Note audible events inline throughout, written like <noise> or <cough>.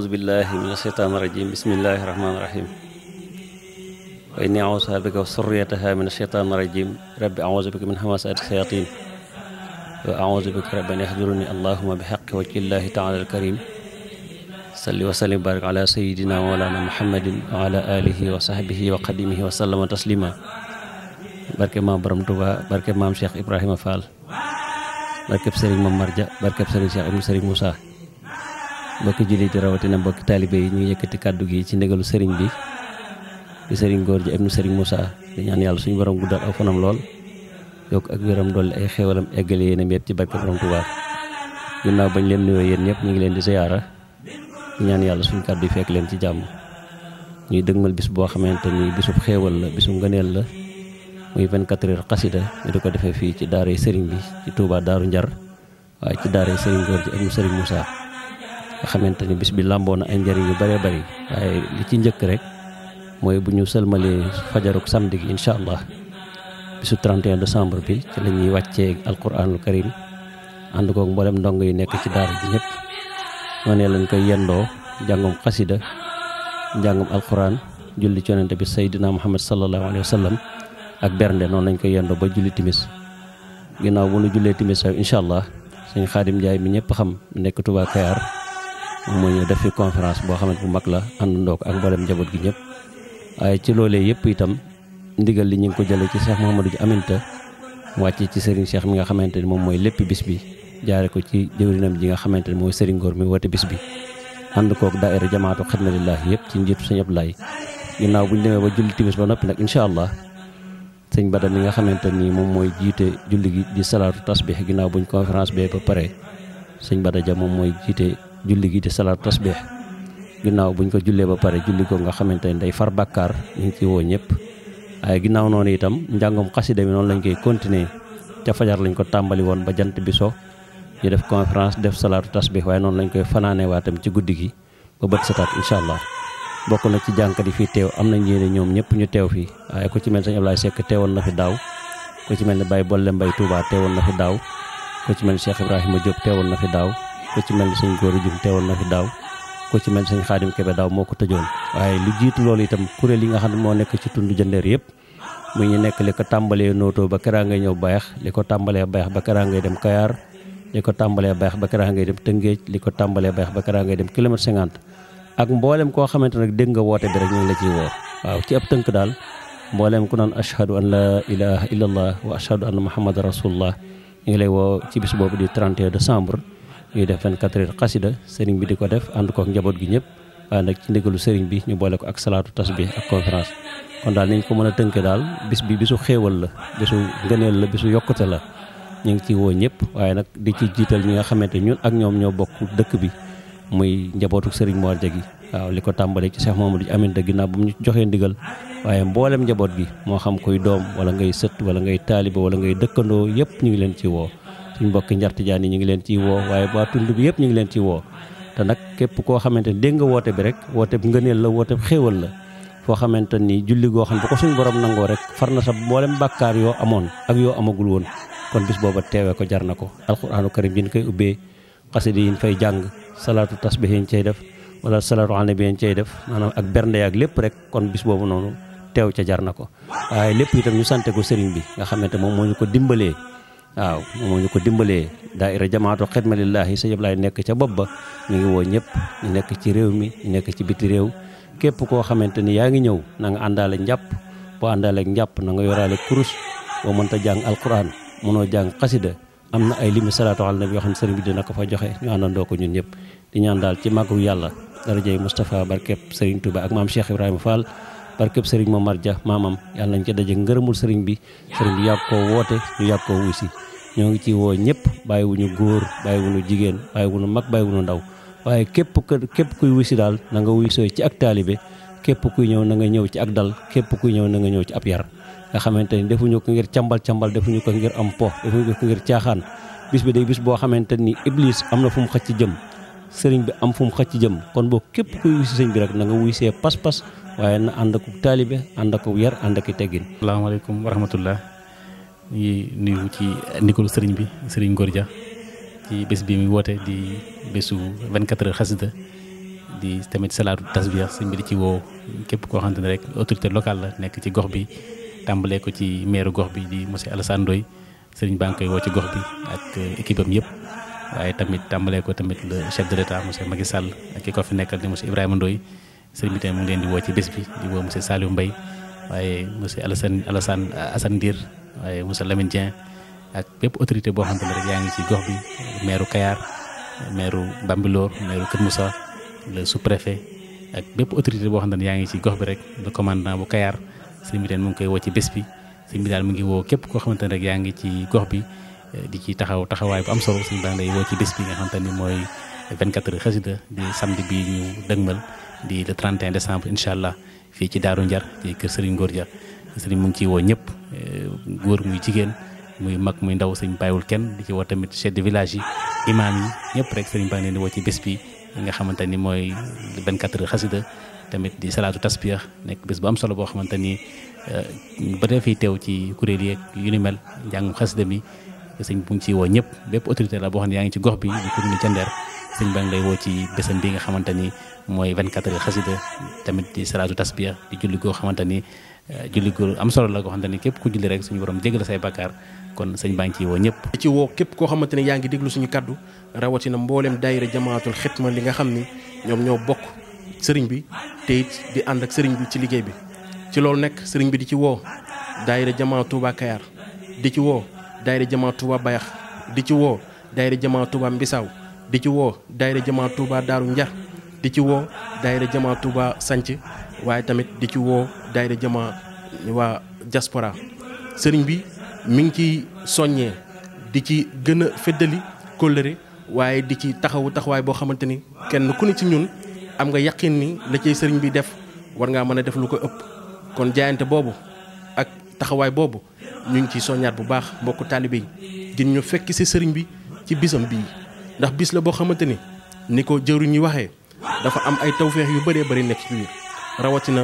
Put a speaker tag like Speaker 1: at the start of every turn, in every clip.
Speaker 1: أعوذ بالله من الشيطان الرجيم بسم الله الرحمن الرحيم وإني أعوذ بك وسريتها من الشيطان الرجيم رب أعوذ بك من همسات الشياطين وأعوذ بك رب أن يحضرني اللهم بحق وجه الله تعالى الكريم صلي وسلم بارك على سيدنا مولانا محمد وعلى آله وصحبه وقدمه وسلم تسليما بارك ما برمتوا بارك ما شيخ إبراهيم فال بارك بسرين Serigne بارك بسرين شيخ إبراهيم موسى mbokki di rawati na mbokki talibé yi ñu yëkëti kaddu gi ci ndigalu sëriñ bi di sëriñ góor ji ibnu sëriñ musa di ñaan yalla suñu borom guddal ak fanam lool yok ak wëram dool ay eh, xéewalam eggale yéenam mbépp ci barke rom Tuubaa ginnaaw bañ leen nuyo yeen ñëpp ñu ngi leen di ziyara di ñaan yalla suñu kaddu fekk leen ci jamm ñuy dëgmal bis bo xamanteni bisub xéewal la bisub ngëneel la muy 24 heures qasida ñu di ko defee fii ci daaray sëriñ bi ci Touba Daaru Njar waaye ci daaray sëriñ góor ji ibnu sëriñ musa nga xamante ni bis bi lamboo na ay njëriñ yu bare bari waaye li ci njëkk rek mooy bu ñu fajaruk samedi gi allah bisu 31 décembre bi ci la ñuy wàccee alquranul karim ànd koog mboolem ndong yi nekk ci daara bi ñëpp lañ koy yendoo jàngum xasida alquran julli ci yonente bi saydina muhammad sallallahu alayhi wa sallam ak bernde noonu lañ koy yendoo ba julli timis ginnaaw bu nu jullee timis incha allah suñ xaadim njaay mi ñëpp xam nekk tuba kayar muy def fi conférence bo xamanteni bu mag la àndandoo ko ak mboolem jabot gi ñep ay ci lolé yépp itam ndigal li ñi ko jël ci Cheikh Mouhamadou aminta wacc ci Serigne Cheikh mi nga xamanteni mom moy lepp bis bi jaaré ko ci jëwrinam ji nga xamanteni moy Serigne gor mi wote bis bi and ko ak daaira jamaatu xidmatillaahi yépp ci njitu señ Ablaay ginaaw buñu démé ba julli timis ba nopi nak inshallah señ badal mi nga xamanteni mom moy jité julli gi di salatu tasbih ginaaw buñ conférence bé ba paré señ badal ja mom moy jité julli gi di salaatu tasbih ginnaaw buñ ko jullee ba pare julli ko nga xamante ne day far bàkkaar ñu ngi ci woo ñëpp waaye ginnaaw noonu itam njàngum xasida mi noonu lañ koy continuer ca fajar lañ ko tàmbali woon ba jant bi so ñu def conférence def salaatu tasbih waaye noonu lañ koy fanaane waatam ci guddi gi ba bët setaat incha allah bokk na ci jànkat di fii teew am nañ yéene ñoom ñëpp ñu teew fii waaye ku ci mel sëñ Ablaye Seck teewoon na fi daaw ku ci mel ne Baye Bolle Mbaye Touba teewoon na fi daaw ku ci mel Cheikh Ibrahima Diop teewoon na daaw ku ci mel ni góor a jum na fi daaw ku ci mel moo ko tëjoon waaye lu jiitu loolu itam kuréel yi nga xam ne moo nekk ci tund jëndeer yëpp mu ñu nekk li ko tàmbalee nootoo ba keraa ngay ñëw bayax li ko tàmbalee bayax ba keraa ngay dem kayaar li ko tàmbalee bayax ba keraa ngay dem tëngéej li ko tàmbalee bayax ba keraa ngay dem kilomètre cinquante ak mboolem koo xamante nag dégg nga woote bi rek ñu ngi la ciy woo waaw ci ab tënk daal mboolem ku naan ashhadu an la ilaha illallah wa ashhadu anna muhammadan rasulullah ñu ngi lay woo ci bis boobu di 31 décembre ñuy def 24 heures xasida sëriñ bi di ko def ànd kook njaboot gi ñëpp waaye nag ci ndigalu sëriñ bi ñu boole ko ak salaatu tasbih ak conférence kon daal niñ ko mën a tënke daal bis bi bisu xéewal la bisu ngëneel la bisu yokkute la ñu ngi ci woo ñëpp waaye nag di ci jiital ñi nga xamante ñun ak ñoom ñoo bokk dëkk bi muy njabootu sëriñ Mor gi waaw li ko tàmbalee ci seex Cheikh Mamadou Aminta ginnaaw bu mu ñu joxee ndigal waaye mboolem njaboot gi moo xam koy doom wala ngay sët wala ngay taaliba wala ngay dëkkandoo yëpp ñu ngi leen ci woo suñ mbokki njar tijaan yi ñu ngi leen ciy woo waaye ba tund bi yëpp ñu ngi leen ciy woo te nag képp koo xamante ni dégg woote bi rek woote bi ngëneel la woote bi xéewal la foo xamante ni julli goo xam bu ko suñ borom nangoo rek far na sa mboolem bàkkaar yoo amoon ak yoo amagul woon kon bis booba teewee ko jar na ko alquraanu karim yi ñu koy ubbee xasida yi ñu fay jàng salaatu tasbih yi ñu cay def wala salaatu ala nabi yi ñu cay def maanaam ak bernde yaak lépp rek kon bis boobu noonu teew ca na ko waaye lépp itam ñu sante ko sëriñ bi waaw moo ñu ko dimbalee daaira jamaatu xidma lillaahi sëñ Ablaay nekk ca bopp ba ñu ngi woo ñëpp ñu nekk ci réew mi ñu nekk ci biti réew képp koo xamante ni yaa ngi ñëw na nga àndaale njàpp boo àndaale njàpp na nga yoraale kurus boo mënta jàng al alquran mënoo jàng xasida am na ay limi salaatu ala nabi yoo xam ne sëriñ bi dina ko fa joxe ñu àndandoo ko ñun ñëpp di ñaan daal ci màggu yàlla darajey Moustapha barkeb sëriñ Touba ak maam Cheikh Ibrahima Fall barkeb sëriñ Momar Dia maamam yàlla nañ ci daje ngërëmul sëriñ bi sëriñ bi yàgg koo woote ñu yàgg koo wuy si ñoo ngi ci woo ñëpp bàyyiwuñu góor bàyyiwuñu jigéen bàyyiwuñu mag bàyyiwuñu ndaw waaye képp képp kuy wuy si daal na nga wuy sooy ci ak taalibe képp kuy ñëw na nga ñëw ci ak dal képp kuy ñëw na nga ñëw ci ab yar nga xamante ni defuñu ko ngir càmbal cambal defuñu ko ngir am po defuñu ko ngir caaxaan bis bi day bis boo xamante ni iblis am n fu mu xëcc jëm sëriñ bi am fu mu xëcc waaye na ànd ak taalibe ànd ak yar ànd ak teggin. salaamaaleykum wa
Speaker 2: ci ndikalu sëriñ bi sëriñ Ngor Dia ci bés bi muy woote di bésu 24 heures xasida di tamit salaatu tasbiya sëñ bi di ci woo képp koo xamante ne rek autorité locale la nekk ci gox bi tàmbalee ko ci meeru gox bi di monsieur Alassane Ndoye sëriñ baa ngi koy woo ci gox bi ak équipe am yëpp. waaye tamit tàmbalee ko tamit le chef de l' état monsieur ak ko fi nekkal di monsieur Ibrahima Ndoye. sëriñ bi mu ngi leen di woo ci bés bi di woo monsieur Saliou Mbaye waaye monsieur Alassane Alassane Assane Ndir waaye monsieur Lamine Dieng ak bépp autorité boo xam ne rek yaa ngi ci gox bi Kayar maire Bambilor maire Kër Moussa le sous-préfet ak boo xam ne yaa ngi ci gox bi rek le commandant bu kayaar sëriñ bi mu ngi koy woo ci bés bi sëriñ bi mu ngi woo képp koo xamante ne rek yaa ngi ci gox bi di ci taxaw taxawaay bu am solo sëriñ ci bés bi nga xamante ni mooy 24 heures xasida di samedi bi ñu di le 31 décembre incha allah darunjar ci daaru njar ci kër sëriñ ngóor jar sëriñ mu ngi ciy woo ñëpp eh, góor muy muy mag muy ndaw di ci woo tamit chef de village yi imam yi ñëpp rek sëriñ leen di woo ci bés bi nga xamante ni 24 heures xasida tamit di salatu tasbih nekk bés bu am solo boo xamante ni eh, ba dee fiy teew ci kuréel yeeg yu ni mel njàngum xasida mi sëñ bu ngi ciy woo ñëpp bépp autorité la ci gox bi di sëñ baa lay woo ci bésam bi nga xamante ni mooy 24 heures xasida tamit di salaatu tasbiya di julli koo xamante ni euh, julli goo am solo la goo xamante ni képp ku julli rek suñu borom jégal say bakkaar kon sëñ baa ngi ciy woo ñëpp ci woo képp koo xamante ne yaa ngi déglu suñu kaddu rawatina mbooleem
Speaker 3: daayira jamaatul ma li nga xam ni ñoom ñoo bokk sëriñ bi te it di ànd ak sëriñ bi ci liggéey bi ci loolu nekk sëriñ bi di ci woo daayira jamaa Touba Kayar di ci woo daayira jamaa Touba di ci woo daayira jamaa Touba Mbisaaw di ci woo daayira Jamaa Touba Daaru Njar di ci woo daayira Jamaa Touba Sanc waaye tamit di ci woo daayira Jamaa waa diaspora sëriñ bi mi ngi ci soññee di ci gën a feddali kóllëre waaye di ci taxawu taxawaay boo xamante ni kenn ku ne ci ñun am nga yaqin ni la ciy sëriñ bi def war ngaa mën a def lu ko ëpp kon jaayante boobu ak taxawaay boobu ñu ngi ciy soññaat bu baax mbokk taalibe yi gën ñu fekk ci sëriñ bi ci bisam bii ndax bis la boo xamante ni ni ko jëruñ ñi waxee dafa am ay tawféex yu bëree bëri nekk ci biir rawatina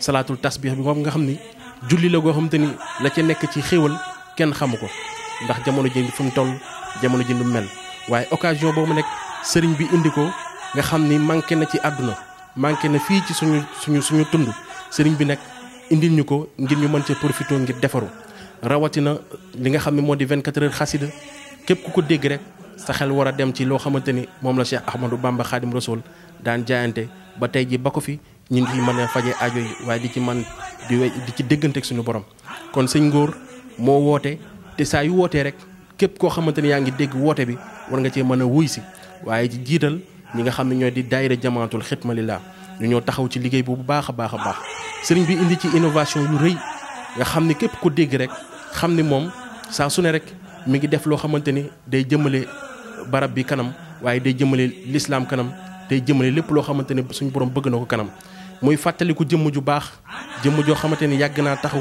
Speaker 3: salaatul tasbix bi moom nga xam ni julli la goo xamante ni la ca nekk ci xéewal kenn xamu ko ndax jamono ji fu mu toll jamono ji lu mel waaye occasion mu nekk sëriñ bi indi ko nga xam ni manqué na ci àdduna manqué na fii ci suñu suñu suñu tund sëriñ bi nekk indil ñu ko ngir ñu mën cee profité ngir defaru rawatina li nga xam ne moo di 24 heures xasida képp ku ko dégg rek sa xel war a dem ci loo xamante ni moom la Cheikh Ahmadou Bamba Khadim Rasoul daan jaayante ba tey ji ba ko fi ñu ngi mën a faje aajo yi waaye di ci man di di ci dégganteeg suñu borom kon sëñ Ngor moo woote te saa yu wootee rek képp koo xamante ni yaa ngi dégg woote bi war nga cee mën a wuy si waaye ci jiital ñi nga xam ne ñooy di daayira jamaatul xidma la ñu ñoo taxaw ci liggéey bu baax a baax a baax sëriñ bi indi ci innovation yu rëy nga xam ne barab bi kanam waye day jëmele l'islam kanam day jëmele lepp lo xamanteni suñu borom bëgg nako kanam muy fàttaliku jëm ju baax jëm jo xamanteni yag na taxaw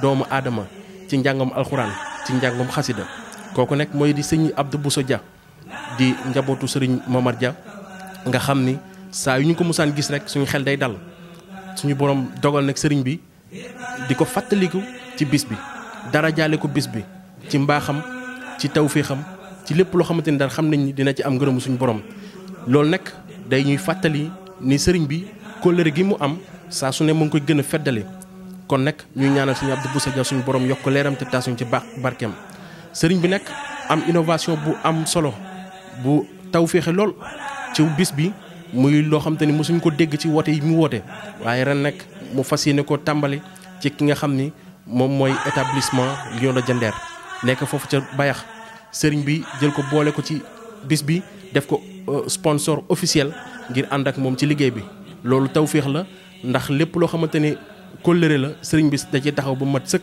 Speaker 3: doomu adama ci njàngam alxuraan ci njangum koku nek moy di seigne Abdou Bousso Dia di njabootu sëriñ Momar Dia nga xamni sa yu ñu ko musaan gis rek suñu xel day dal suñu borom dogal Nek sëriñ bi di ko fàttaliku ci bis bi dara jale ko bis bi ci mbaxam ci tawfiixam ci lépp loo xamante ni daal xam nañ ni dina ci am ngërëmu suñu borom loolu nag day ñuy fàttali ni sëriñ bi kóllëre gi mu am saa su ne mu ngi koy gën a feddali kon nag ñuy ñaanal suñu Abdou Bousso Dia suñu borom yokk leeram te taasuñ ci baax barkeem sëriñ bi nag am innovation bu am solo bu taw féexe lool ci bis bi muy loo xamante ni mosuñ ko dégg ci woote yi mu woote waaye ren nag mu fas yéene ko tàmbali ci ki nga xam ni moom mooy établissement Lion de nekk foofu ca Bayax sëriñ bi jël ko boole ko ci bis bi def ko euh, sponsor officiel ngir ànd ak moom ci liggéey bi loolu tawféex la ndax lépp loo xamante ni kóllëre la sëriñ bi da ci taxaw ba mat sëkk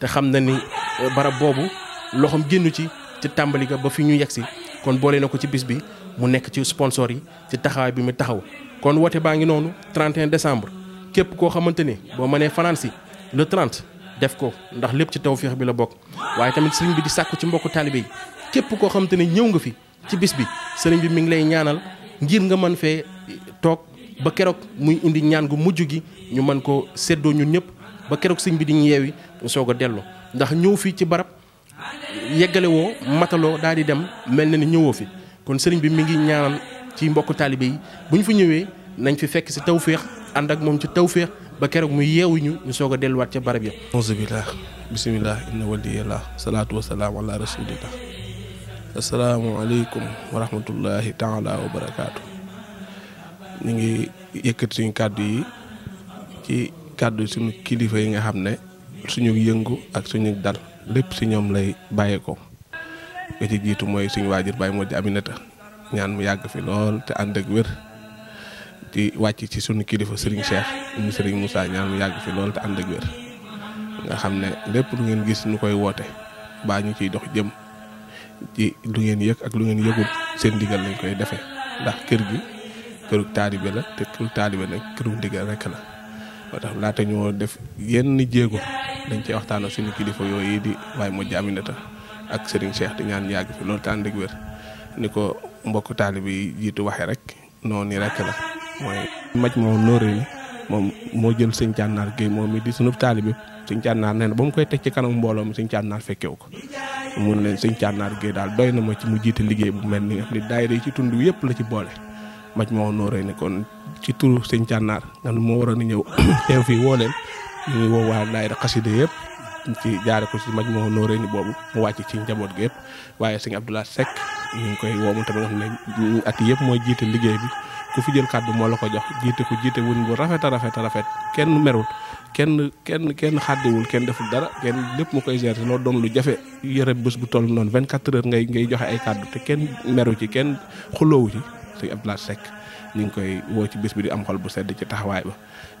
Speaker 3: te xam na ni euh, barab boobu loxoom génnu ci ci tàmbali ga ba fi ñu yegg si kon boole na ko ci bis bi mu nekk ci sponsor yi ci taxawaay bi mu taxaw kon woote baa ngi noonu 31 décembre képp koo xamante ne boo mënee fanaan si le 30 def ko ndax lépp ci tawféex bi la bokk waaye tamit sëriñ bi di sàkku ci mbokku taalibe yi képp koo xam te ne ñëw nga fi ci bis bi sëriñ bi mi ngi lay ñaanal ngir nga mën fee toog ba keroog muy indi ñaan gu mujj gi ñu mën ko séddoo ñun ñëpp ba keroog sëriñ bi di ñu yeewi ñu soog a dellu ndax ñëw fii ci barab yeggale mataloo daal di dem mel na ni ñëwoo fi kon sëriñ bi mi ngi ñaanal ci mbokku taalibe yi bu ñu fi ñëwee nañ fi fekk si tawféex ànd ak moom ci tawféex
Speaker 4: ba keroog mu yeewuñu ñu soog a delluwaat ca barab ya auzu billah bismillah inna waliyallah salaatu wasalaam ala rasulillah asalaamualeykum wa rahmatullahi taala wa ñu ngi yëkkat suñu kàddu yi ci kàddu suñu kilifa yi nga xam ne suñu yëngu ak suñu dal lépp si ñoom lay bàyyeekoo nga ci jiitu mooy suñu waajur bàyyi moo di Aminata ñaan mu yàgg fi lool te ànd ak wér di wàcc ci sunu kilifa Serigne Cheikh mu Serigne Moussa ñaan yàgg fi loolu te ànd ak xam ne lépp ngeen gis ñu koy woote baa ñu ciy dox jëm ci lu ngeen yëg ak lu ngeen yëgul seen ndigal lañ koy defee ndax kër gi këru taalibe la te këru taalibe nag këru ndigal rek la. ba tax laata ñoo def yenn jéego dañ cee waxtaan ak suñu kilifa yooyu di waaye mu jaaminata ak Serigne Cheikh di ñaan yàgg fi loolu te ànd ak wér ni ko mbokk taalibe yi jiitu waxee rek noonu rek la. mooy maj moom nóoré ni moom moo jël sëñ cànnaar géey moom mi di sunub taalibe sëñ cànnaar nee na ba mu koy teg ci kanam mbooloo mi sëñ cànnaar fekkewu ko mun leen sëñ cànnaar géey daal doy na ma ci mu jiite liggéey bu mel ni nga xam ne daayira ci tund yëpp la ci boole maj moom nóoré ni ci turu sëñ cànnaar nga moo waroon a ñëw <coughs> teew woo leen ñuy woo waa daayira xaside yëpp ci jaare ko ci maj moo nóoré ni boobu mu wàcc ci njaboot yëpp waaye sëñ Abdoulaye Seck ñu ngi koy woo mu tamit nga xam ne at yëpp mooy jiite liggéey bi ku fi kàddu moo la ko jox jiite ko jiite wuñ bu rafet a rafet a rafet kenn merul kenn kenn kenn xàddiwul kenn deful dara kenn lépp mu koy gérer loolu doon lu jafe yëre bés bu toll noonu vingt 24 heures ngay ngay joxe ay kàddu te kenn meru ci kenn xuloowu ci sëñ Abdoulaye Seck ñu ngi koy woo ci bis bi di am xol bu sedd ci taxawaay ba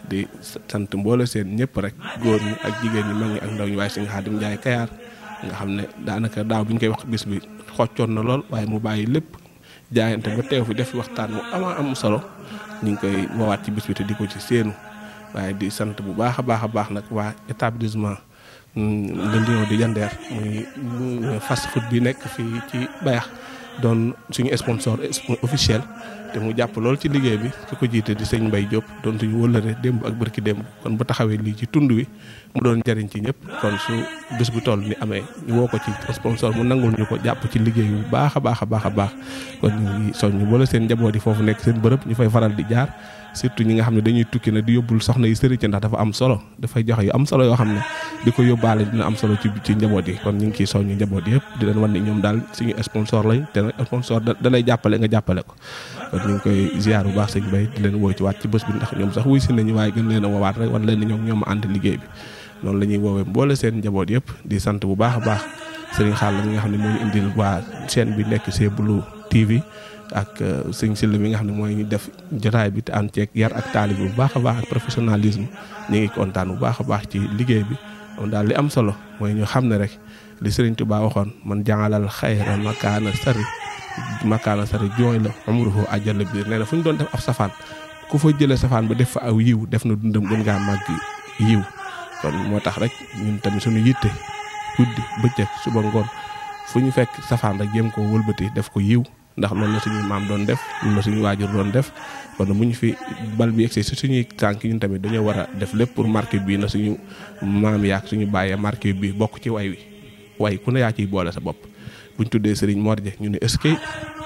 Speaker 4: di sant mboole seen ñëpp rek góor ñi ak jigéen ñi mag ñi ak ndaw ñi waaye sëñ Xaadim Njaay Kayaar nga xam ne daanaka daaw bi ñu koy wax bés xoccoon na lool waaye mu bàyyi lépp jaayante ba teew fi def waxtaan mu ama am solo ñu ngi koy woowaat ci bis bi di ko ci séenu waaye di sant bu baax a baax a baax nag waa établissement Le mm, Lion di Jandeer muy mm, fast food bi nekk fii ci Bayax doon suñu sponsor officiel te mu jàpp lool ci liggéey bi su ko jiitee di sëñ Mbay Diop doon suñu wëllëre démb ak bërki démb kon bu taxawee lii ci tund wi mu doon jariñ ci ñëpp kon su bés bu toll ni amee ñu woo ko ci sponsor mu nangul ñu ko jàpp ci liggéey bu baax a baax a baax a baax kon ñu ngi soññ seen njaboot yi foofu nekk seen bërëb ñu fay faral di jaar surtout ñi nga xam ne dañuy tukki na di yóbbul soxna yi sëriñ ndax dafa am solo dafay joxe yu am solo yoo xam ne di ko yóbbaale dina am solo ci ci njaboot yi kon ñu ngi ciy soññu njaboot yëpp di leen wan ne ñoom daal suñu sponsor lañ te nag sponsor da jàppale nga jàppale ko tamit ñu koy ziar bu baax sëñ Bay di leen woo ci waat ci bés bi ndax ñoom sax wuy si nañu waaye gën leen a woowaat rek wan leen ne ñoom ñoom ànd liggéey bi noonu la ñuy woowee mboole seen njaboot yëpp di sant bu baax a baax sëriñ Xalla mi nga xam ne moo ñu indil waa chaîne bi nekk Chez Blue TV ak euh, sëñ Sylla mi nga xam ne mooy ñu def jotaay bi te ànd ceeg yar ak taalib bu baax a baax ak professionnalisme ñu ngi kontaan bu baax a baax ci liggéey bi am daal li am solo mooy ñu xam ne rek li sëriñ Tuubaa waxoon man jàngalal xayra makaana sari makaana sari jooy la amruhu ajjal biir nee na fu ñu doon def ak safaan ku fa jëlee safaan ba def fa aw yiw def na dundam gën ngaa màgg yiw kon moo tax rek ñun tamit suñu yitte guddi bëccëg suba ngoon fu ñu fekk safaan rek jéem ko wëlbati def ko yiw ndax loolu la suñu maam doon def loolu la suñuy waajur doon def kon mu ñu fi bal bi egsi si suñuy tànk ñun tamit dañoo war a def lépp pour marqué bii na suñu maam yaak suñu bàyyee marqué bii bokk ci way wi way ku ne yaa ciy boole sa bopp bu ñu tuddee Serigne Mor Dia ñu ne eskay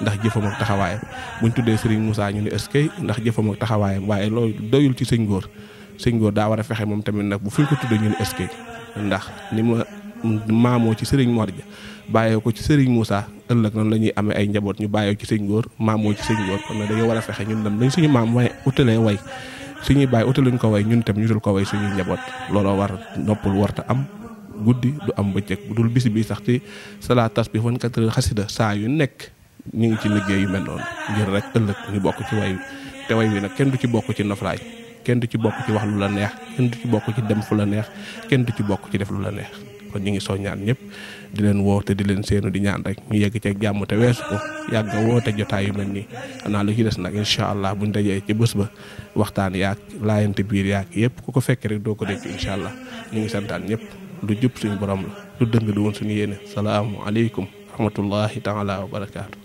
Speaker 4: ndax jëfam ak taxawaayam buñ tuddee Serigne Moussa ñu ne eskay ndax jëfam ak taxawaayam waaye loolu doyul ci sëñ góor sëñ góor daa war a fexe moom tamit nag bu fuñ ko tuddee ñu ne eskay ndax ni ma maamoo ci Serigne Mor Dia bàyyee ko ci Serigne Moussa ëllëg noonu la ñuy amee ay njaboot ñu bàyyee ci sëñ góor maamoo ci sëñ góor kon nag dañoo war a fexe ñun dem dañ suñu maam way utalee way suñuy bàyyi utaluñ ko way ñun tam ñu dul ko way suñuy njaboot looloo war noppul warta am guddi du am bëccëg bu dul bis bi sax ci salaa tasbih 24 heures xasida saa yu nekk ñu ngi ci liggéey yu mel noonu ngir rek ëllëg ñu bokk ci way wi te way wi nag kenn du ci bokk ci noflaay kenn du ci bokk ci wax lu la neex bokk ci dem fu la neex kenn du ci bokk ci def lu la neex kon ñu ngi soññaan ñëpp di leen te di leen seenu di ñaan rek ñu yegg ceeg jàmm te weesu ko yàgg woo te jotaay yu mel nii xanaa lu ci des nag incha allah buñ dajee ci bës ba waxtaan yaak laayante biir yaak yëpp ku ko fekkee rek doo ko dégg incha allah ñu ngi santaan ñëpp lu jub suñu borom la lu dëng du woon suñu yéene salaamu aleykum rahmatullahi taala wa barakaatu